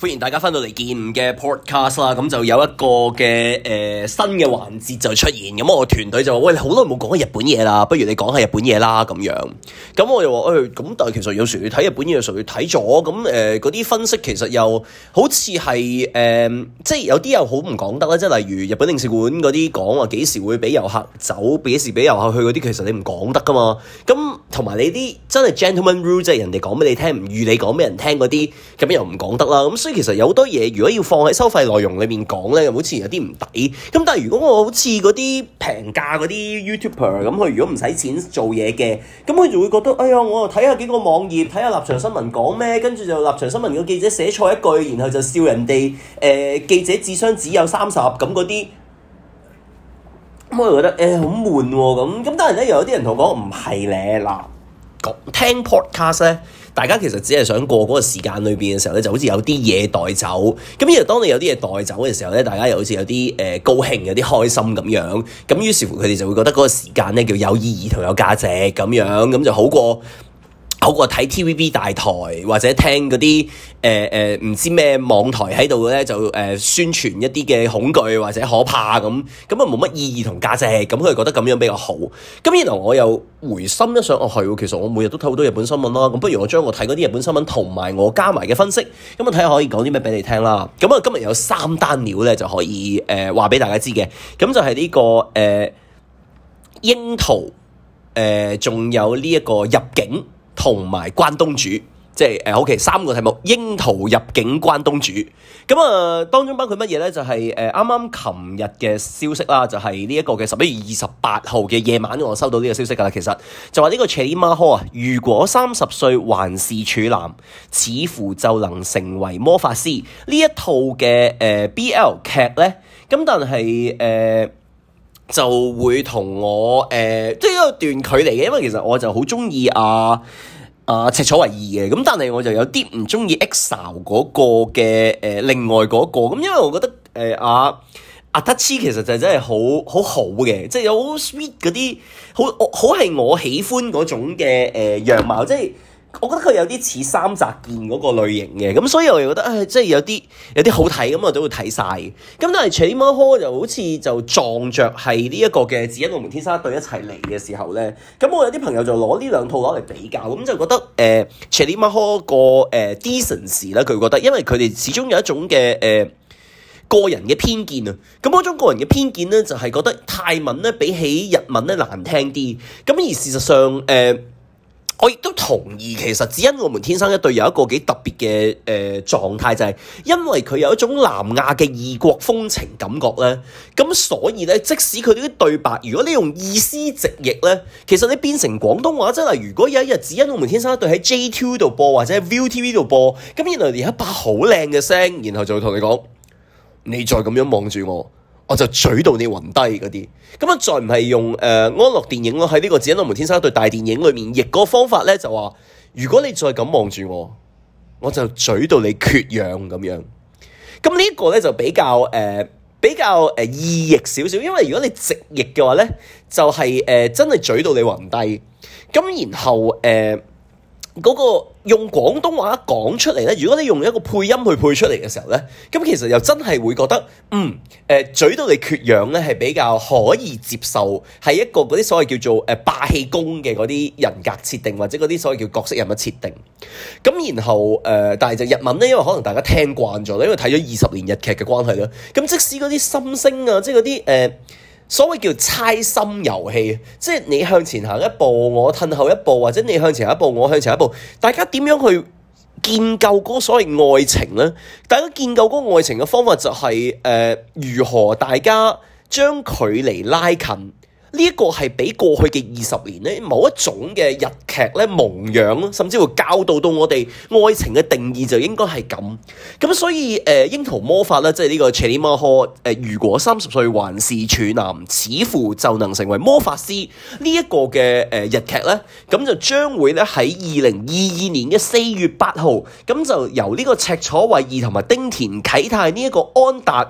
歡迎大家翻到嚟見嘅 podcast 啦，咁就有一個嘅誒、呃、新嘅環節就出現，咁我團隊就話喂你好耐冇講過日本嘢啦，不如你講下日本嘢啦咁樣，咁我又話誒，咁但係其實有時你睇日本嘢，純粹睇咗，咁誒嗰啲分析其實又好似係誒，即係有啲又好唔講得啦，即係例如日本領事館嗰啲講話幾時會俾遊客走，幾時俾遊客去嗰啲，其實你唔講得㗎嘛，咁同埋你啲真係 gentleman rule 即係人哋講俾你聽，唔預你講俾人聽嗰啲，咁又唔講得啦，咁、嗯、所以。其實有好多嘢，如果要放喺收費內容裏面講咧，又好似有啲唔抵。咁但係如果我好似嗰啲平價嗰啲 YouTuber 咁，佢如果唔使錢做嘢嘅，咁佢就會覺得，哎呀，我又睇下幾個網頁，睇下立場新聞講咩，跟住就立場新聞個記者寫錯一句，然後就笑人哋，誒、呃，記者智商只有三十咁嗰啲，咁我就覺得，誒、哎，好悶喎。咁咁，當然咧，又有啲人同我講唔係咧嗱，講聽 Podcast 咧。大家其實只係想過嗰個時間裏邊嘅時候咧，就好似有啲嘢帶走。咁然後當你有啲嘢帶走嘅時候咧，大家又好似有啲誒、呃、高興、有啲開心咁樣。咁於是乎佢哋就會覺得嗰個時間咧叫有意義同有價值咁樣，咁就好過。好過睇 TVB 大台或者聽嗰啲誒誒唔知咩網台喺度咧，就誒、呃、宣傳一啲嘅恐懼或者可怕咁，咁啊，冇乜意義同價值，咁佢係覺得咁樣比較好。咁然後我又回心一想，哦係其實我每日都睇好多日本新聞啦，咁不如我將我睇嗰啲日本新聞同埋我加埋嘅分析，咁我睇下可以講啲咩俾你聽啦。咁啊今日有三單料咧就可以誒話俾大家知嘅，咁就係呢、呢個誒、呃、櫻桃，誒、呃、仲有呢一個入境。同埋關東煮，即係誒 OK 三個題目，櫻桃、入境、關東煮。咁啊、呃，當中包括乜嘢咧？就係誒啱啱琴日嘅消息啦，就係呢一個嘅十一月二十八號嘅夜晚，我收到呢個消息噶啦。其實就話呢個 Cherry Maho 啊，如果三十歲還是處男，似乎就能成為魔法師。呢一套嘅誒、呃、BL 劇咧。咁但係誒。呃就會同我誒，即、呃、係一段距離嘅，因為其實我就好中意阿阿赤楚衛二嘅，咁但係我就有啲唔中意 EXO 嗰個嘅誒、呃，另外嗰、那個咁，因為我覺得誒阿阿特其實就真係好好好嘅，即係有好 sweet 嗰啲，好好係、就是、我喜歡嗰種嘅誒、呃、樣貌，即係。我覺得佢有啲似三宅健嗰個類型嘅，咁所以我又覺得啊、哎，即係有啲有啲好睇咁啊，都會睇晒。咁但係《Charlie and the Co》就好似就撞着係呢一個嘅《紫衣龍門天生一對》一齊嚟嘅時候咧，咁我有啲朋友就攞呢兩套攞嚟比較，咁就覺得誒《Charlie and the Co》個誒 Decency 咧，佢、ah 呃、覺得因為佢哋始終有一種嘅誒、呃、個人嘅偏見啊，咁嗰種個人嘅偏見咧就係、是、覺得泰文咧比起日文咧難聽啲，咁而事實上誒。呃我亦都同意，其實只因我們天生一對有一個幾特別嘅誒、呃、狀態，就係、是、因為佢有一種南亞嘅異國風情感覺咧。咁所以咧，即使佢呢啲對白，如果你用意思直譯咧，其實你變成廣東話，真係如果有一日只因我們天生一對喺 J2 度播或者喺 Viu TV 度播，咁原來有一把好靚嘅聲，然後就會同你講，你再咁樣望住我。我就嘴到你暈低嗰啲，咁啊再唔係用誒、呃、安樂電影咯，喺呢、這個《紫金龍門天生一對》大電影裏面譯個方法咧就話，如果你再咁望住我，我就嘴到你缺氧咁樣。咁呢一個咧就比較誒、呃、比較誒、呃、意譯少少，因為如果你直譯嘅話咧，就係、是、誒、呃、真係嘴到你暈低。咁然後誒。呃嗰個用廣東話講出嚟咧，如果你用一個配音去配出嚟嘅時候咧，咁其實又真係會覺得，嗯，誒嘴到你缺氧咧，係比較可以接受，係一個嗰啲所謂叫做誒「霸氣功」嘅嗰啲人格設定，或者嗰啲所謂叫角色人物設定。咁然後誒、呃，但係就日文咧，因為可能大家聽慣咗啦，因為睇咗二十年日劇嘅關係啦，咁即使嗰啲心聲啊，即係嗰啲誒。呃所謂叫猜心遊戲，即係你向前行一步，我褪後一步，或者你向前一步，我向前一步，大家點樣去建構個嗰所謂愛情呢？大家建構嗰個愛情嘅方法就係、是、誒、呃，如何大家將距離拉近。呢一個係比過去嘅二十年咧，某一種嘅日劇咧，蒙養甚至乎教導到我哋愛情嘅定義就應該係咁。咁所以誒，呃《櫻桃魔法》呢、呃，即係呢個《Cherry Magic》如果三十歲還是處男，似乎就能成為魔法師。呢、這、一個嘅誒、呃、日劇呢，咁就將會咧喺二零二二年嘅四月八號，咁就由呢個赤楚衛二同埋丁田啟泰呢一個安達誒。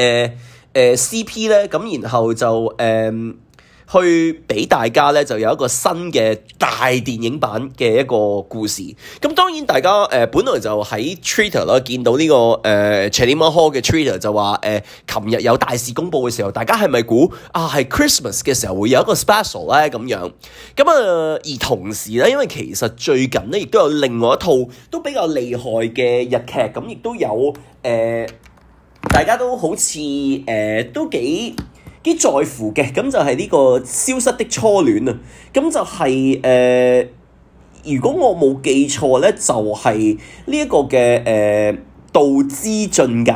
呃呃、C.P 咧，咁然後就誒、呃、去俾大家咧，就有一個新嘅大電影版嘅一個故事。咁當然大家誒、呃，本來就喺 Twitter 啦，見到呢、這個誒、呃、Cherry Maho 嘅 Twitter 就話誒，琴、呃、日有大事公佈嘅時候，大家係咪估啊係 Christmas 嘅時候會有一個 special 咧咁樣？咁啊、呃，而同時咧，因為其實最近咧，亦都有另外一套都比較厲害嘅日劇，咁亦都有誒。呃大家都好似誒、呃、都幾幾在乎嘅，咁就係呢個消失的初戀啊！咁就係、是、誒、呃，如果我冇記錯咧，就係呢一個嘅誒、呃、道之境界。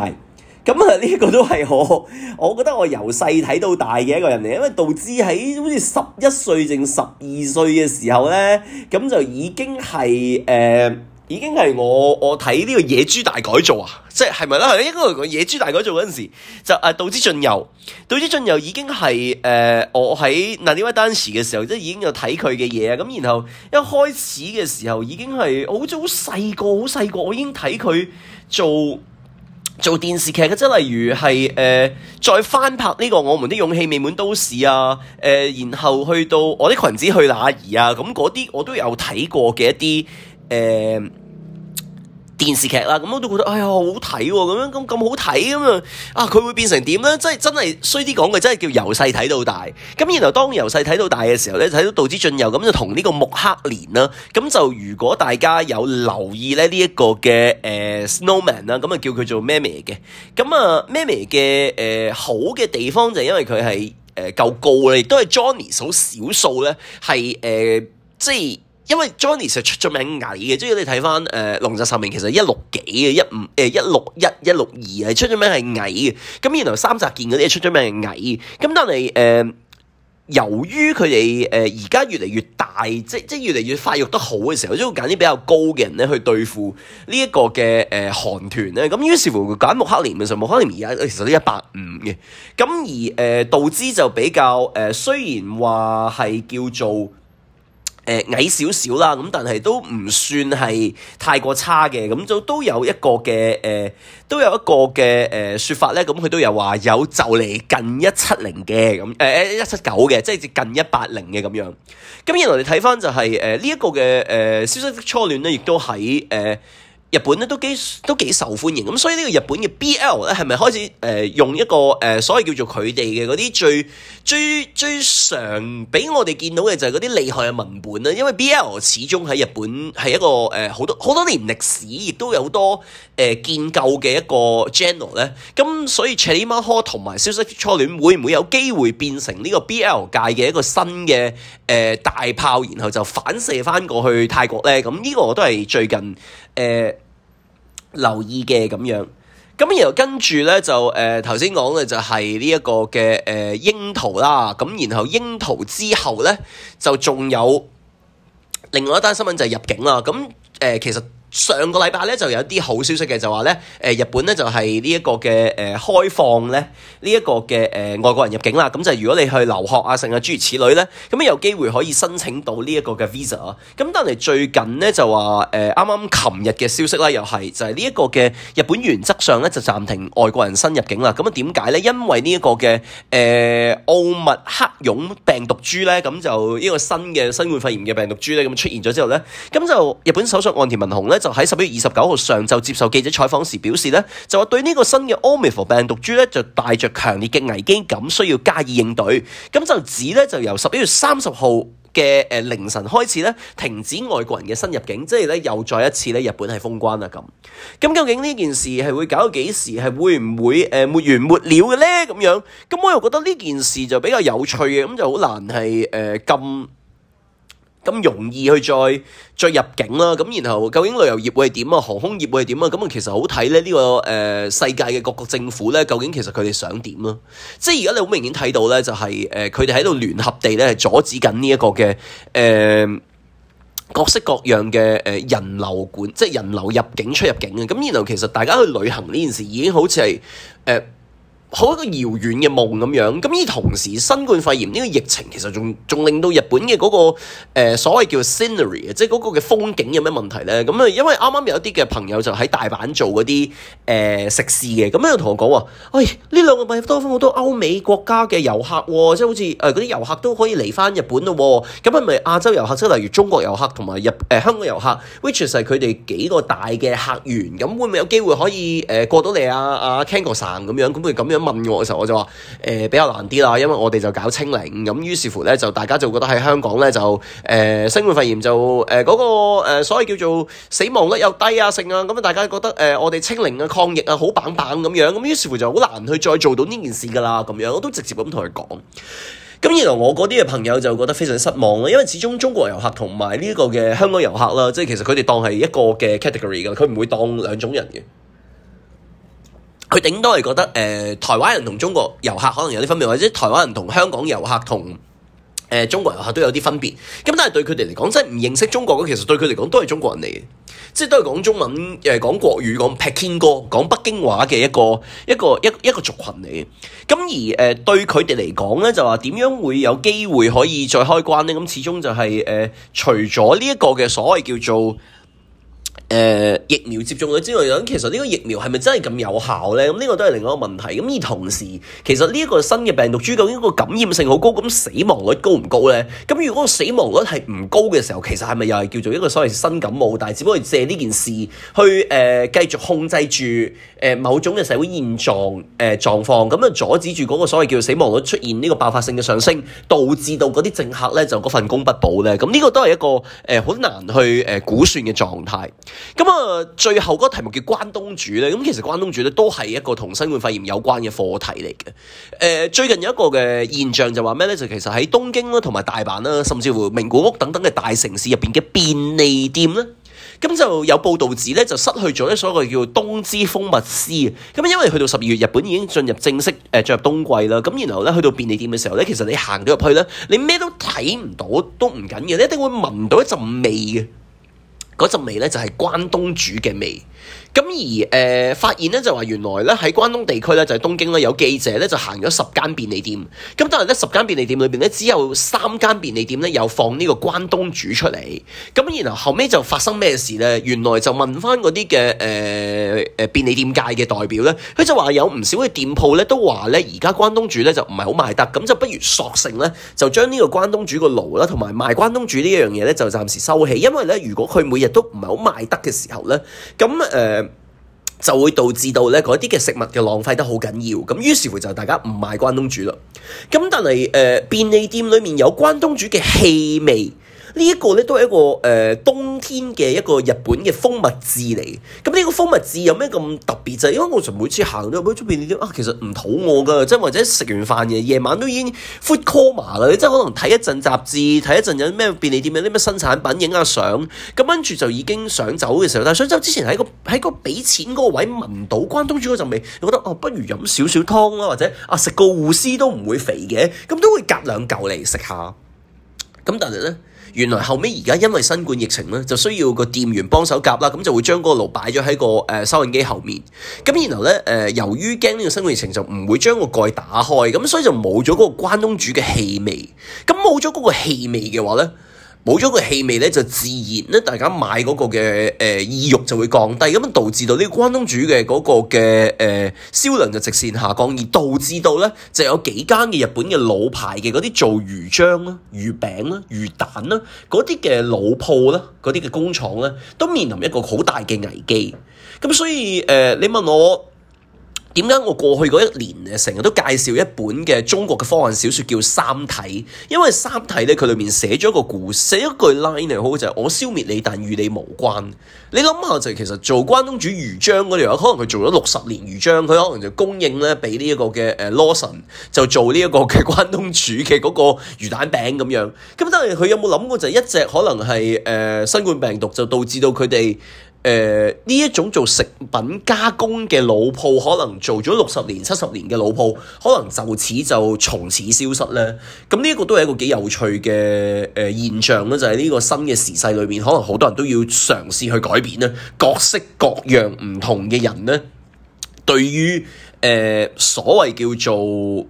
咁啊，呢一個都係我，我覺得我由細睇到大嘅一個人嚟，因為道之喺好似十一歲定十二歲嘅時候咧，咁就已經係誒。呃已經係我我睇呢個野豬大改造啊，即係咪啦？係應該嚟講，野豬大改造嗰陣時就阿道、啊、枝駿佑，道枝駿佑已經係誒、呃，我喺 Naniwa Danshi 嘅時候，即係已經有睇佢嘅嘢啊。咁然後一開始嘅時、時候，已經係好似好細個好細個，我已經睇佢做做電視劇嘅，即係例如係誒、呃，再翻拍呢、這個我們的勇氣未滿都市啊，誒、呃，然後去到我的裙子去哪兒啊，咁嗰啲我都有睇過嘅一啲。誒、呃，電視劇啦、啊，咁我都覺得哎呀好睇、哦，咁樣咁咁好睇咁啊！啊，佢會變成點咧？即係真係衰啲講嘅，真係叫由細睇到大。咁然後當由細睇到大嘅時候咧，睇到道枝駿佑咁就同呢個目黑蓮啦。咁就如果大家有留意咧，呢、這、一個嘅誒 Snowman 啦，咁、呃、啊叫佢做 Mimi 嘅。咁啊 Mimi 嘅誒好嘅地方就係因為佢係誒夠高咧，亦都係 Johnny 數少數咧係誒即係。因為 Johnny、呃、其實出咗名矮嘅，即係你睇翻誒瀧澤秀明其實一六幾嘅，一五誒、呃、一六一、一六二啊，出咗名係矮嘅。咁然後三宅健嗰啲出咗名係矮。咁但係誒、呃，由於佢哋誒而家越嚟越大，即即係越嚟越發育得好嘅時候，都要揀啲比較高嘅人咧去對付呢一個嘅誒韓團咧。咁、呃、於是乎揀目黑蓮嘅時候，目黑蓮而家其實都一百五嘅。咁而誒導致就比較誒、呃，雖然話係叫做。誒矮少少啦，咁但係都唔算係太過差嘅，咁就都有一個嘅誒、呃，都有一個嘅誒説法咧，咁佢都有話有就嚟近一七零嘅，咁誒一七九嘅，即係近一八零嘅咁樣。咁、嗯、原後來你睇翻就係誒呢一個嘅誒、呃、消失的初戀咧，亦都喺誒。呃日本咧都幾都幾受歡迎，咁所以呢個日本嘅 BL 咧係咪開始誒、呃、用一個誒、呃、所謂叫做佢哋嘅嗰啲最最最常俾我哋見到嘅就係嗰啲厲害嘅文本咧，因為 BL 始終喺日本係一個誒好、呃、多好多年歷史，亦都有好多誒、呃、建構嘅一個 genre 咧。咁所以 Cherry Mago 同埋消失的初戀會唔會有機會變成呢個 BL 界嘅一個新嘅誒、呃、大炮，然後就反射翻過去泰國咧？咁呢個我都係最近誒。呃留意嘅咁樣，咁然後跟住咧就誒頭先講嘅就係呢一個嘅誒、呃、櫻桃啦，咁然後櫻桃之後咧就仲有另外一單新聞就係入境啦，咁、嗯呃、其實。上個禮拜咧就有啲好消息嘅，就話咧誒日本咧就係呢一個嘅誒、呃、開放咧呢一、這個嘅誒、呃、外國人入境啦，咁就如果你去留學啊，成啊諸如此類咧，咁有機會可以申請到呢一個嘅 visa 啊。咁但係最近咧就話誒啱啱琴日嘅消息啦，又係就係呢一個嘅日本原則上咧就暫停外國人新入境啦。咁啊點解咧？因為呢一個嘅誒、呃、奧密克戎病毒株咧，咁就呢個新嘅新冠肺炎嘅病毒株咧咁出現咗之後咧，咁就日本首相岸田文雄咧，就喺十一月二十九號上晝接受記者採訪時表示呢，就話對呢個新嘅 Omicron 病毒株呢，就帶着強烈嘅危機感，需要加以應對。咁就指呢，就由十一月三十號嘅誒凌晨開始呢，停止外國人嘅新入境，即係呢又再一次呢日本係封關啦咁。咁究竟呢件事係會搞到幾時？係會唔會誒、呃、沒完沒了嘅呢？咁樣咁我又覺得呢件事就比較有趣嘅，咁就好難係誒咁。呃咁容易去再再入境啦、啊，咁然後究竟旅遊業會係點啊？航空業會係點啊？咁啊其實好睇咧呢、這個誒、呃、世界嘅各國政府咧，究竟其實佢哋想點咯、啊？即係而家你好明顯睇到咧，就係誒佢哋喺度聯合地咧阻止緊呢一個嘅誒、呃、各式各樣嘅誒人流管，即係人流入境出入境啊！咁然後其實大家去旅行呢件事已經好似係誒。呃好一個遙遠嘅夢咁樣，咁而同時新冠肺炎呢個疫情其實仲仲令到日本嘅嗰個所謂叫 scenery，即係嗰個嘅風景有咩問題咧？咁啊，因為啱啱有一啲嘅朋友就喺大阪做嗰啲誒食肆嘅，咁咧就同我講話，喂，呢兩個咪多好多歐美國家嘅遊客，即係好似誒嗰啲遊客都可以嚟翻日本咯，咁啊咪亞洲遊客，即係例如中國遊客同埋日誒香港遊客，which 就係佢哋幾個大嘅客源，咁會唔會有機會可以誒過到嚟啊啊 Kengo san 咁樣？咁會咁樣。問我嘅時候，我就話誒、呃、比較難啲啦，因為我哋就搞清零，咁於是乎咧就大家就覺得喺香港咧就誒新冠肺炎就誒嗰、呃那個、呃、所謂叫做死亡率又低啊性啊，咁啊大家覺得誒、呃、我哋清零啊抗疫啊好棒棒咁樣，咁於是乎就好難去再做到呢件事㗎啦咁樣，我都直接咁同佢講。咁然後我嗰啲嘅朋友就覺得非常失望啦，因為始終中國遊客同埋呢個嘅香港遊客啦，即係其實佢哋當係一個嘅 category 㗎，佢唔會當兩種人嘅。佢頂多係覺得誒、呃、台灣人同中國遊客可能有啲分別，或者台灣人同香港遊客同誒、呃、中國遊客都有啲分別。咁但係對佢哋嚟講，真係唔認識中國嘅，其實對佢嚟講都係中國人嚟嘅，即係都係講中文、誒、呃、講國語、講北京歌、講北京話嘅一個一個一個一個族群嚟嘅。咁而誒、呃、對佢哋嚟講咧，就話點樣會有機會可以再開關咧？咁始終就係、是、誒、呃，除咗呢一個嘅所謂叫做。呃、疫苗接種咗之外，其實呢個疫苗係咪真係咁有效呢？咁呢個都係另外一個問題。咁而同時，其實呢一個新嘅病毒株究竟個感染性好高，咁死亡率高唔高呢？咁如果死亡率係唔高嘅時候，其實係咪又係叫做一個所謂新感冒？但係只不過借呢件事去誒、呃、繼續控制住誒某種嘅社會現狀誒、呃、狀況，咁啊阻止住嗰個所謂叫做死亡率出現呢個爆發性嘅上升，導致到嗰啲政客咧就嗰份工不保咧。咁呢個都係一個誒好、呃、難去誒、呃、估算嘅狀態。咁啊，最後嗰個題目叫關東煮咧，咁其實關東煮咧都係一個同新冠肺炎有關嘅課題嚟嘅。誒、呃，最近有一個嘅現象就話咩咧？就其實喺東京啦、同埋大阪啦，甚至乎名古屋等等嘅大城市入邊嘅便利店啦。咁就有報導指咧就失去咗咧所謂叫冬之風物詩。咁因為去到十二月，日本已經進入正式誒、呃、進入冬季啦。咁然後咧，去到便利店嘅時候咧，其實你行到入去咧，你咩都睇唔到都唔緊要，你一定會聞到一陣味嘅。嗰陣味咧就係關東煮嘅味。咁而誒、呃、發現咧，就話原來咧喺關東地區咧，就係、是、東京咧有記者咧就行咗十間便利店。咁但係咧，十間便利店裏邊咧，只有三間便利店咧有放呢個關東煮出嚟。咁然後後尾就發生咩事咧？原來就問翻嗰啲嘅誒誒便利店界嘅代表咧，佢就話有唔少嘅店鋪咧都話咧，而家關東煮咧就唔係好賣得。咁就不如索性咧就將呢個關東煮個爐啦，同埋賣關東煮呢一樣嘢咧就暫時收起。因為咧，如果佢每日都唔係好賣得嘅時候咧，咁誒。呃就會導致到呢嗰啲嘅食物嘅浪費得好緊要，咁於是乎就大家唔買關東煮啦。咁但係誒、呃，便利店裡面有關東煮嘅氣味。呢一個咧都係一個誒冬天嘅一個日本嘅風物詩嚟嘅，咁呢個風物詩有咩咁特別就係因為我從每次行到去出邊啲啊，其實唔肚餓噶，即係或者食完飯嘅夜晚都已經 food coma 啦，即係可能睇一陣雜誌，睇一陣有咩便利店有啲咩新產品影下相，咁跟住就已經想走嘅時候，但係想走之前喺個喺個俾錢嗰個位聞到關東煮嗰陣味，你覺得哦不如飲少少湯啦，或者啊食個芋絲都唔會肥嘅，咁、嗯、都會夾兩嚿嚟食下，咁但係咧。原來後尾而家因為新冠疫情咧，就需要個店員幫手夾啦，咁就會將嗰個爐擺咗喺個誒收銀機後面。咁然後咧誒，由於驚呢個新冠疫情，就唔會將個蓋打開，咁所以就冇咗嗰個關東煮嘅氣味。咁冇咗嗰個氣味嘅話咧。冇咗個氣味咧，就自然咧，大家買嗰個嘅誒、呃、意欲就會降低，咁樣導致到呢個關東煮嘅嗰個嘅誒、呃、銷量就直線下降，而導致到咧就有幾間嘅日本嘅老牌嘅嗰啲做魚漿啦、啊、魚餅啦、啊、魚蛋啦嗰啲嘅老鋪啦、啊、嗰啲嘅工廠咧、啊，都面臨一個好大嘅危機。咁所以誒、呃，你問我？點解我過去嗰一年成日都介紹一本嘅中國嘅科幻小説叫《三體》？因為《三體》咧，佢裏面寫咗個故事，寫一句 line 好就係：我消滅你，但與你無關。你諗下就係其實做關東煮魚漿嗰條友，可能佢做咗六十年魚漿，佢可能就供應咧俾呢一個嘅誒羅神就做呢一個嘅關東煮嘅嗰個魚蛋餅咁樣。咁但係佢有冇諗過就係一隻可能係誒新冠病毒就導致到佢哋？誒呢、呃、一種做食品加工嘅老鋪，可能做咗六十年、七十年嘅老鋪，可能就此就從此消失咧。咁、嗯、呢、這個、一個都係一個幾有趣嘅誒、呃、現象啦，就係、是、呢個新嘅時勢裏面，可能好多人都要嘗試去改變咧。各式各樣唔同嘅人咧，對於誒、呃、所謂叫做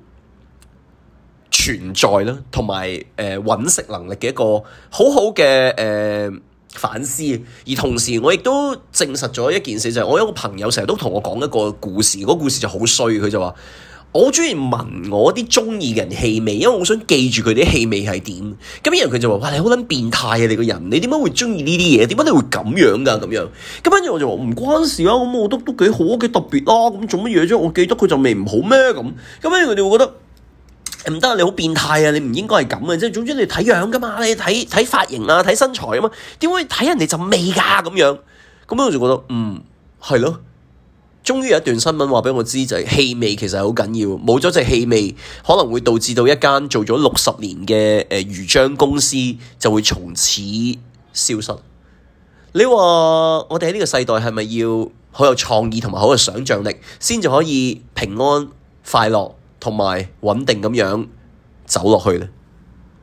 存在啦，同埋誒搵食能力嘅一個好好嘅誒。呃反思，而同時我亦都證實咗一件事，就係、是、我有個朋友成日都同我講一個故事。嗰故事就好衰，佢就話我好中意聞我啲中意嘅人氣味，因為我想記住佢啲氣味係點。咁然後佢就話哇，你好撚變態啊！你個人你點解會中意呢啲嘢？點解你會咁樣噶咁、啊、樣？咁樣人我就話唔關事啊，咁我覺得都幾好都啊，幾特別啦。咁做乜嘢啫？我記得佢就未唔好咩？咁咁樣佢哋會覺得。唔得，你好變態啊！你唔應該係咁啊！即係總之你睇樣噶嘛，你睇睇髮型啊，睇身材啊嘛，點會睇人哋陣味㗎咁樣？咁我就覺得嗯係咯。終於有一段新聞話畀我知就係、是、氣味其實係好緊要，冇咗隻氣味可能會導致到一間做咗六十年嘅誒、呃、魚漿公司就會從此消失。你話我哋喺呢個世代係咪要好有創意同埋好有想像力先至可以平安快樂？同埋穩定咁樣走落去。